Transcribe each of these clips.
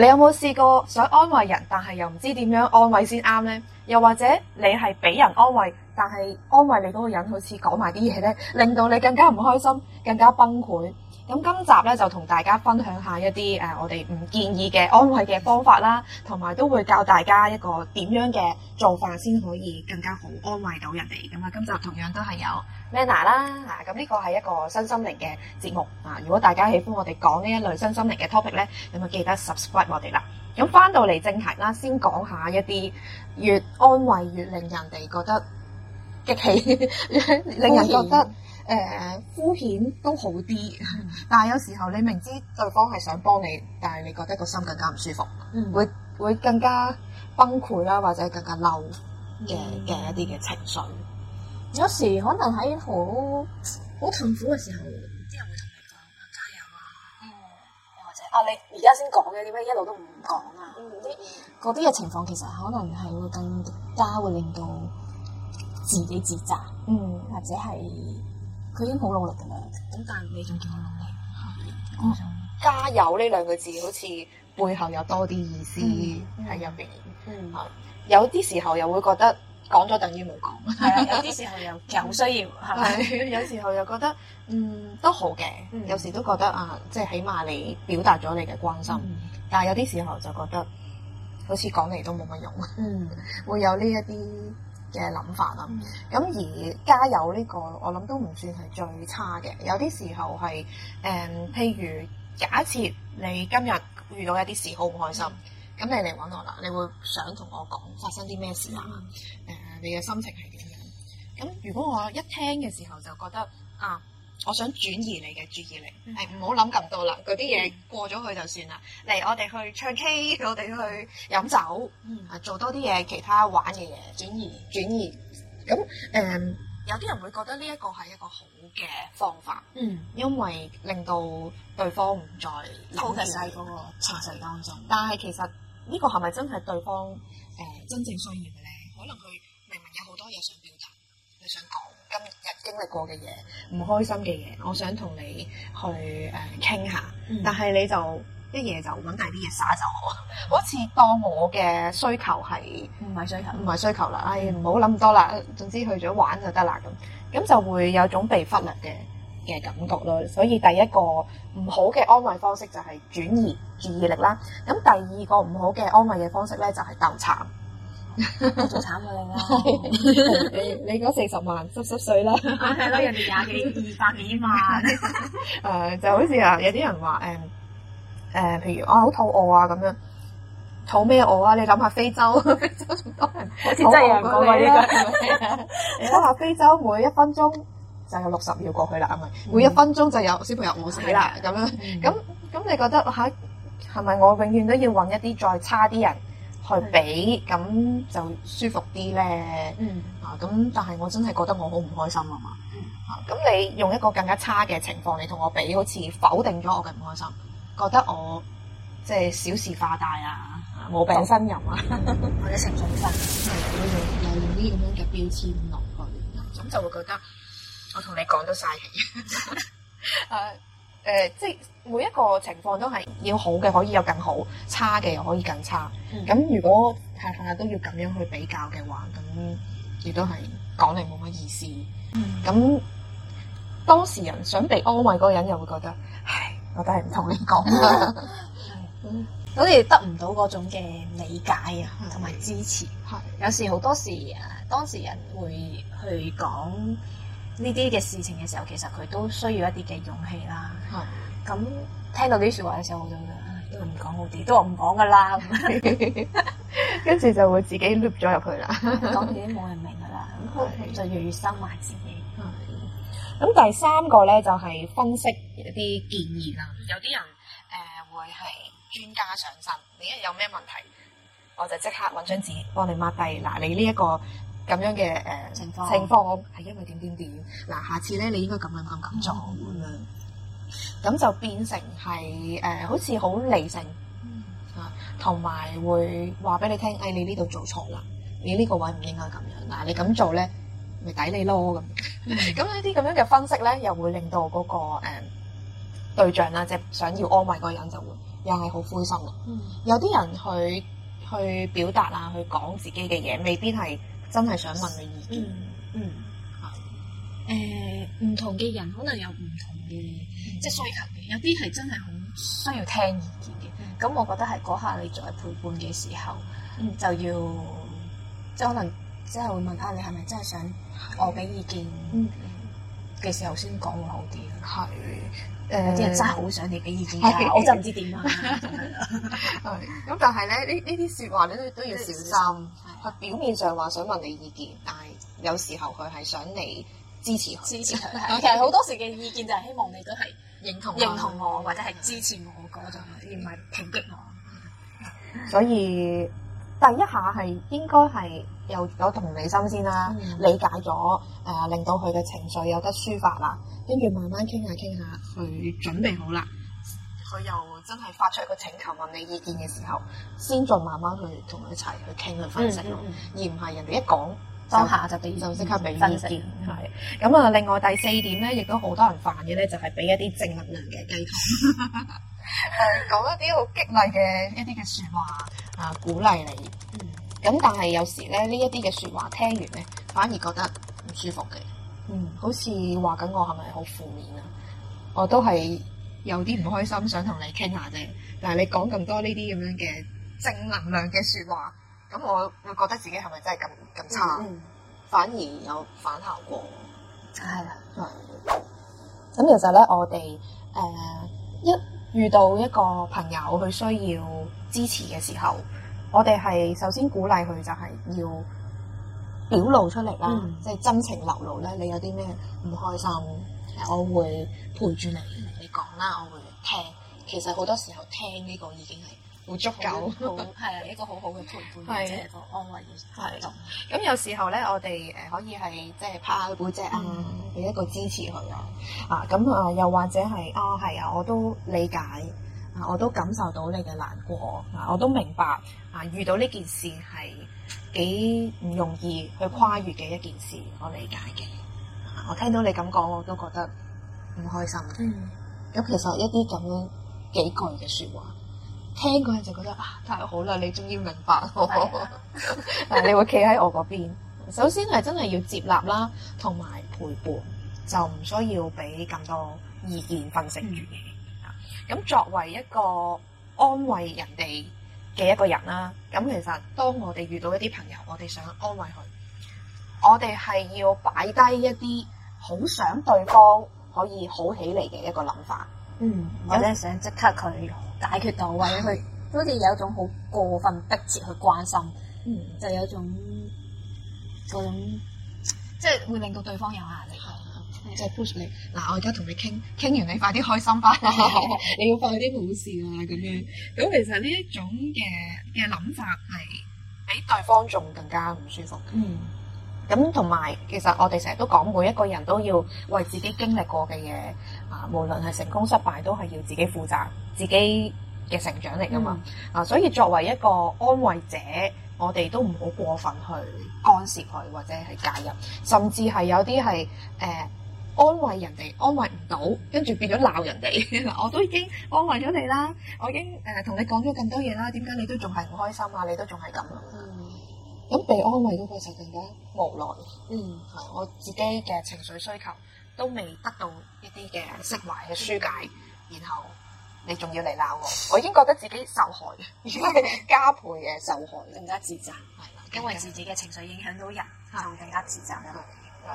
你有冇試過想安慰人，但係又唔知點樣安慰先啱呢？又或者你係俾人安慰，但係安慰你嗰個人好似講埋啲嘢咧，令到你更加唔開心，更加崩潰。咁今集咧就同大家分享下一啲誒、呃、我哋唔建議嘅安慰嘅方法啦，同埋都會教大家一個點樣嘅做法先可以更加好安慰到人哋咁啊！今集同樣都係有 manner 啦，嚇咁呢個係一個身心靈嘅節目啊！如果大家喜歡我哋講呢一類身心靈嘅 topic 咧，咁記得 subscribe 我哋啦。咁、啊、翻到嚟正題啦，先講下一啲越安慰越令人哋覺得激氣， 令人覺得。 誒、呃、敷衍都好啲，但係有時候你明知對方係想幫你，但係你覺得個心更加唔舒服，嗯、會會更加崩潰啦，或者更加嬲嘅嘅一啲嘅情緒。嗯、有時可能喺好好痛苦嘅時候，啲人會同你講加油啊，嗯，又或者啊你而家先講嘅點解一路都唔講啊？啲嗰啲嘅情況其實可能係會更加會令到自己自責，嗯，或者係。佢已經好努力嘅啦，咁但係你仲叫我努力，加油呢兩個字好似背後有多啲意思喺入邊。嗯，有啲時候又會覺得講咗等於冇講，係啊，有啲時候又好需要，係有時候又覺得嗯都好嘅，有時都覺得啊，即係起碼你表達咗你嘅關心，但係有啲時候就覺得好似講嚟都冇乜用。嗯，會有呢一啲嘅諗法啦，咁、嗯、而加油呢、這個，我諗都唔算係最差嘅。有啲時候係誒、嗯，譬如假設你今日遇到一啲事，好唔開心，咁、嗯、你嚟揾我啦，你會想同我講發生啲咩事啊？誒、嗯呃，你嘅心情係點樣？咁如果我一聽嘅時候就覺得啊～我想轉移你嘅注意力，係唔好諗咁多啦，嗰啲嘢過咗去就算啦。嚟、mm hmm. 我哋去唱 K，我哋去飲酒，啊、mm hmm. 做多啲嘢其他玩嘅嘢，轉移轉移。咁誒、嗯嗯、有啲人會覺得呢一個係一個好嘅方法，嗯，因為令到對方唔再拖嘅喺嗰個情緒當中。嗯、但係其實呢、呢個係咪真係對方誒、嗯呃、真正需要嘅咧？可能佢明，明明有好多嘢想表達。想講今日經歷過嘅嘢，唔開心嘅嘢，我想同你去誒傾下，嗯、但係你就一嘢就搵大啲嘢耍就好，好似當我嘅需求係唔係需求，唔係需求啦，求哎唔好諗咁多啦，嗯、總之去咗玩就得啦咁，咁就會有種被忽略嘅嘅感覺咯，所以第一個唔好嘅安慰方式就係轉移注意力啦，咁第二個唔好嘅安慰嘅方式咧就係鬥慘。仲慘過你啦！你你嗰四十萬濕濕碎啦！係咯，人哋廿幾二百幾萬。誒， uh, 就好似啊，有啲人話誒誒，譬如啊，好肚餓啊，咁樣肚咩餓啊？你諗下非洲，非洲咁多人，肚餓過你啦！你諗下非洲，每一分鐘就有六十秒過去啦，係、嗯、咪？ 每一分鐘就有小朋友餓死啦，咁樣。咁咁、 嗯，你覺得吓係咪我永遠都要搵一啲再差啲人？去比咁、嗯、就舒服啲咧，嗯、啊咁但係我真係覺得我好唔開心、嗯、啊嘛，嗯、啊咁你用一個更加差嘅情況，你同我比，好似否定咗我嘅唔開心，覺得我即係、就是、小事化大啊，無病呻吟啊，或者食早餐都要用啲咁樣嘅標籤落去，咁就會覺得我同你講咗嘥氣。 啊誒、呃，即係每一個情況都係要好嘅可以有更好，差嘅又可以更差。咁、嗯、如果下下都要咁樣去比較嘅話，咁亦都係講嚟冇乜意思。咁、嗯、當事人想被安慰嗰個人又會覺得，唉，我都係唔同你講，好似得唔到嗰種嘅理解啊，同埋支持。係，有時好多時啊，當事人會去講。呢啲嘅事情嘅時候，其實佢都需要一啲嘅勇氣啦。咁、嗯、聽到啲説話嘅時候，我就都唔講好啲，都話唔講噶啦。跟住 就會自己 loop 咗入去啦，講自己冇人明噶啦。咁 Okay. 就越越收埋自己。咁、嗯、第三個咧就係分析一啲建議啦。 有啲人誒、呃、會係專家上身，你一有咩問題，我就即刻揾張紙幫你抹低嗱。你呢、這、一個。咁樣嘅誒情況，情況係因為點點點嗱，下次咧你應該咁樣咁咁做咁、嗯、樣，咁就變成係誒好似好理性，啊、嗯，同埋會話俾你聽，誒、哎、你呢度做錯啦，你呢個位唔應該咁樣嗱，你咁做咧咪抵你咯咁，咁呢啲咁樣嘅、嗯、分析咧，又會令到嗰、那個誒、呃、對象啦，即係想要安慰個人就會又係好灰心、嗯、有啲人去去表達啊，去講自己嘅嘢，未必係。真係想問你意見，嗯，嚇、嗯，誒是，唔、呃、同嘅人可能有唔同嘅即係需求嘅，有啲係真係好需要聽意見嘅，咁、嗯、我覺得係嗰下你作為陪伴嘅時候，嗯、就要即係可能即係、就係、會問下你係咪真係想我俾意見、嗯？嘅、嗯、時候先講會好啲，係。誒啲人真係好想你俾意見，係 我就唔知點啦。係咁、 嗯，但係咧呢呢啲説話你都都要小心。佢表面上話想問你意見，的但係有時候佢係想你支持佢。支持佢， 其實好多時嘅意見就係希望你都係認同認同我，或者係支持我嗰種，的而唔係抨擊我。 所以。第一下係應該係有有同理心先啦，嗯、理解咗誒、呃，令到佢嘅情緒有得抒發啦，跟住慢慢傾下傾下去，準備好啦。佢又真係發出一個請求問你意見嘅時候，先再慢慢去同佢一齊去傾去分析咯，嗯、而唔係人哋一講當下就俾就即刻俾意見。係咁啊！另外第四點咧，亦都好多人犯嘅咧，就係俾一啲正能量嘅雞湯，誒 講一啲好激勵嘅一啲嘅説話。啊！鼓勵你，咁、嗯、但係有時咧，呢一啲嘅説話聽完咧，反而覺得唔舒服嘅、嗯，好似話緊我係咪好負面啊？我都係有啲唔開心，想同你傾下啫。但係你講咁多呢啲咁樣嘅正能量嘅説話，咁我會覺得自己係咪真係咁咁差、嗯？反而有反效果。係啦、嗯、咁、哎、其實咧，我哋誒、呃、一遇到一個朋友，佢需要。支持嘅時候，我哋係首先鼓勵佢就係要表露出嚟啦，嗯、即係真情流露咧。你有啲咩唔開心，我會陪住你，你講啦，我會聽。其實好多時候聽呢個已經係好足夠，係啊， 一個好好嘅陪伴，即係一個安慰嘅作用。咁是對有時候咧，我哋誒可以係即係拍下背脊啊，俾一個支持佢囉。啊咁、嗯、啊，又或者係啊，係啊，我都理解。我都感受到你嘅難過，我都明白啊！遇到呢件事係幾唔容易去跨越嘅一件事，我理解嘅、啊。我聽到你咁講，我都覺得唔開心。咁、嗯嗯、其實一啲咁樣幾句嘅説話，聽嗰陣就覺得啊，太好啦！你終於明白我，啊、 但你會企喺我嗰邊。 首先係真係要接納啦，同埋陪伴，就唔需要俾咁多意見分析住。嗯咁作為一個安慰人哋嘅一個人啦，咁其實當我哋遇到一啲朋友，我哋想安慰佢，我哋係要擺低一啲好想對方可以好起嚟嘅一個諗法。嗯，或者想即刻佢解決到，或者佢好似有一種好過分迫切去關心，嗯，就有一種嗰種，即係會令到對方有壓力。就係 push 你，嗱，我而家同你傾傾完，你快啲開心翻， 你要快啲冇事啊！咁樣咁，其實呢一種嘅嘅諗法係比對方仲更加唔舒服。嗯，咁同埋，其實我哋成日都講，每一個人都要為自己經歷過嘅嘢啊，無論係成功失敗，都係要自己負責，自己嘅成長嚟噶嘛。嗯、啊，所以作為一個安慰者，我哋都唔好過分去干涉佢，或者去介入，甚至係有啲係誒。呃呃安慰人哋，安慰唔到，跟住變咗鬧人哋。嗱，我都已經安慰咗你啦，我已經誒同你講咗咁多嘢啦，點解你都仲係唔開心啊？你都仲係咁啊？嗯。咁被安慰嗰個就更加無奈。嗯，係我自己嘅情緒需求都未得到一啲嘅釋懷嘅紓解，然後你仲要嚟鬧我，我已經覺得自己受害，而家加倍嘅受害，更加自責。係，因為自己嘅情緒影響到人，就更加自責。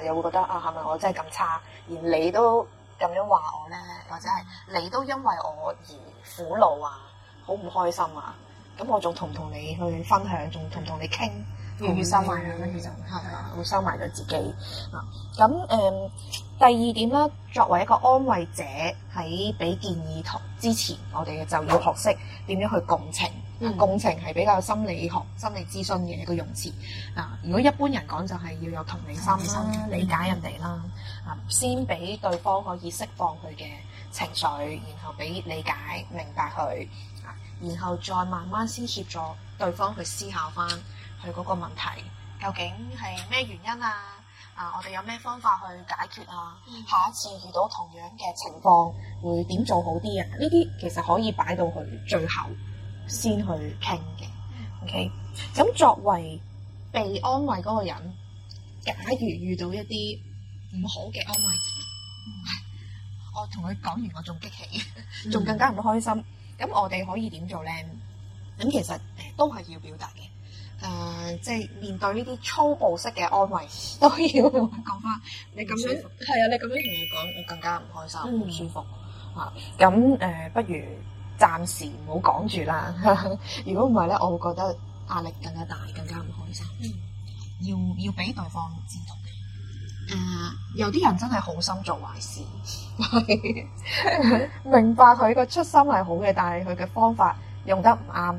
又會覺得啊，係咪我真係咁差，連你都咁樣話我咧，或者係你都因為我而苦惱啊，好唔開心啊。咁我仲同唔同你去分享，仲同唔同你傾，越、嗯、收埋咁樣就係啊，會吧收埋咗自己啊。咁誒、嗯、第二點啦，作為一個安慰者喺俾建議同之前，我哋就要學識點樣去共情。共情係比較心理學、心理諮詢嘅一個用詞。啊，如果一般人講就係要有同理心啦，同理心，理解人哋啦，啊、嗯，先俾對方可以釋放佢嘅情緒，然後俾理解、明白佢，啊，然後再慢慢先協助對方去思考翻佢嗰個問題、嗯、究竟係咩原因啊？啊，我哋有咩方法去解決啊？下一次遇到同樣嘅情況會點做好啲啊？呢啲其實可以擺到去最後。先去傾嘅，OK？咁作為被安慰嗰個人，假如遇到一啲唔好嘅安慰者、嗯，我同佢講完我，我仲激氣，仲更加唔開心。咁、嗯、我哋可以點做咧？咁其實都係要表達嘅，誒、呃，即、就、係、係、面對呢啲粗暴式嘅安慰，都要講翻。你咁樣係啊？你咁樣同我講，我更加唔開心，唔、嗯、舒服嚇。咁、嗯、誒、呃，不如，暫時唔好講住啦，如果唔係咧，我會覺得壓力更加大，更加唔開心。嗯，要要俾對方知道嘅，誒、呃，有啲人真係好心做壞事，嗯、 明白佢個初心係好嘅，但係佢嘅方法用得唔啱，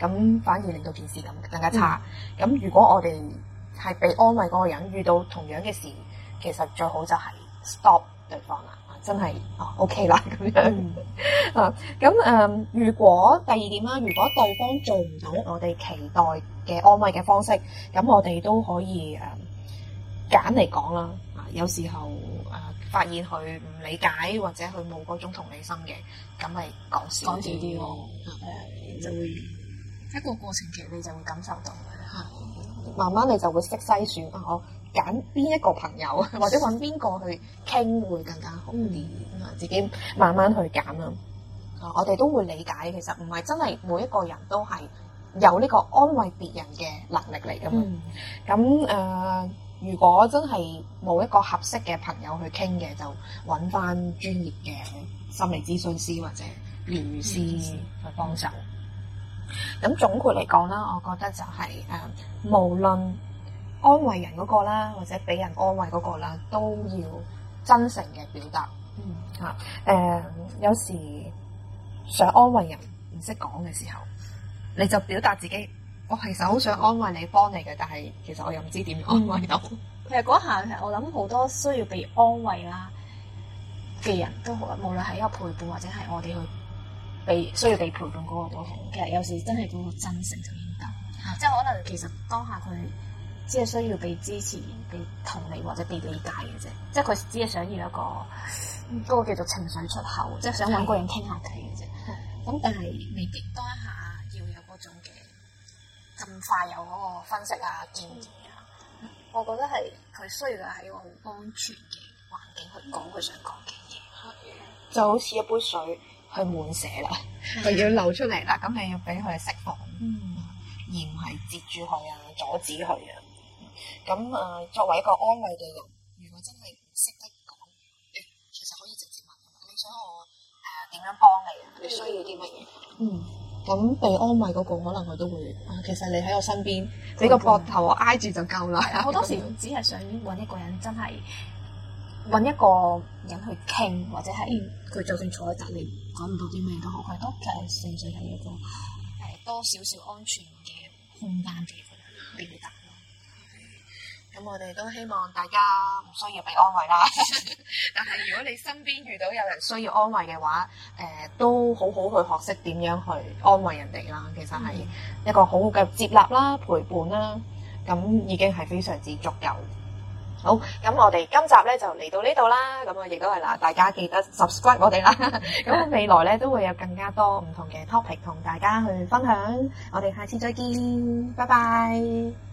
咁反而令到件事更更加差。咁、嗯、如果我哋係被安慰嗰個人遇到同樣嘅事，其實最好就係 stop。對方啦、啊，真係哦 OK 啦咁樣啊，咁誒、嗯 嗯，如果第二點啦，如果對方做唔到我哋期待嘅安慰嘅方式，咁、嗯、我哋都可以誒揀嚟講啦。啊、嗯，有時候誒、呃、發現佢唔理解或者佢冇嗰種同理心嘅，咁咪講少講少啲咯。誒、嗯呃，就會、是嗯、一個過程其實，你就會感受到吓，唉嗯、慢慢你就會識篩選啊。好、啊。揀邊一個朋友，或者搵邊個去傾會更加好啲，自己慢慢去揀啦。啊，我哋都會理解，其實唔係真係每一個人都係有呢個安慰別人嘅能力嚟噶嘛。咁誒，如果真係冇一個合適嘅朋友去傾嘅，就搵翻專業嘅心理諮詢師或者治療師去幫手。咁總括嚟講啦，我覺得就係誒，無論安慰人嗰、那個啦，或者俾人安慰嗰、那個啦，都要真誠嘅表達。嗯，嚇誒、嗯，有時想安慰人唔識講嘅時候，你就表達自己，我、哦、其實好想安慰你、幫你嘅，但係其實我又唔知點安慰到、嗯。其實嗰下，其實我諗好多需要被安慰啦嘅人都好，無論係一個陪伴或者係我哋去被需要被陪伴嗰、那個都好。其實有時真係咁嘅真誠就先得，嗯、即係可能其實當下佢。只係需要被支持、被同理或者被理解嘅啫，即係佢只係想要一個嗰、嗯、個叫做情緒出口，即係、就是、想揾個人傾下偈嘅啫。咁、嗯、但係未必當下要有嗰種嘅咁快有嗰個分析啊、建議啊。嗯、我覺得係佢需要喺一個好安全嘅環境去講佢想講嘅嘢。嗯、就好似一杯水去滿瀉啦，佢 要流出嚟啦，咁你要俾佢釋放，嗯、而唔係截住佢啊、阻止佢啊。咁啊，作為一個安慰嘅人，如果真係唔識得講，誒，其實可以直接問，你想我誒點樣幫你？你需要啲乜嘢？嗯，咁被安慰嗰個可能佢都會啊。其實你喺我身邊，你個膊頭我挨住就夠啦。好樣多時只係想搵一個人，真係搵一個人去傾，或者係佢就算坐喺隔離，講唔到啲咩都好，佢都淨係最最係一個誒、呃，多少少安全嘅空間嘅。咁我哋都希望大家唔需要被安慰啦， 但係如果你身邊遇到有人需要安慰嘅話，誒、呃，都好好去學識點樣去安慰人哋啦。其實係一個好嘅接納啦、陪伴啦，咁已經係非常之足夠。好，咁我哋今集咧就嚟到呢度啦。咁啊，亦都係嗱，大家記得 subscribe 我哋啦。咁 未來咧都會有更加多唔同嘅 topic 同大家去分享。我哋下次再見，拜拜。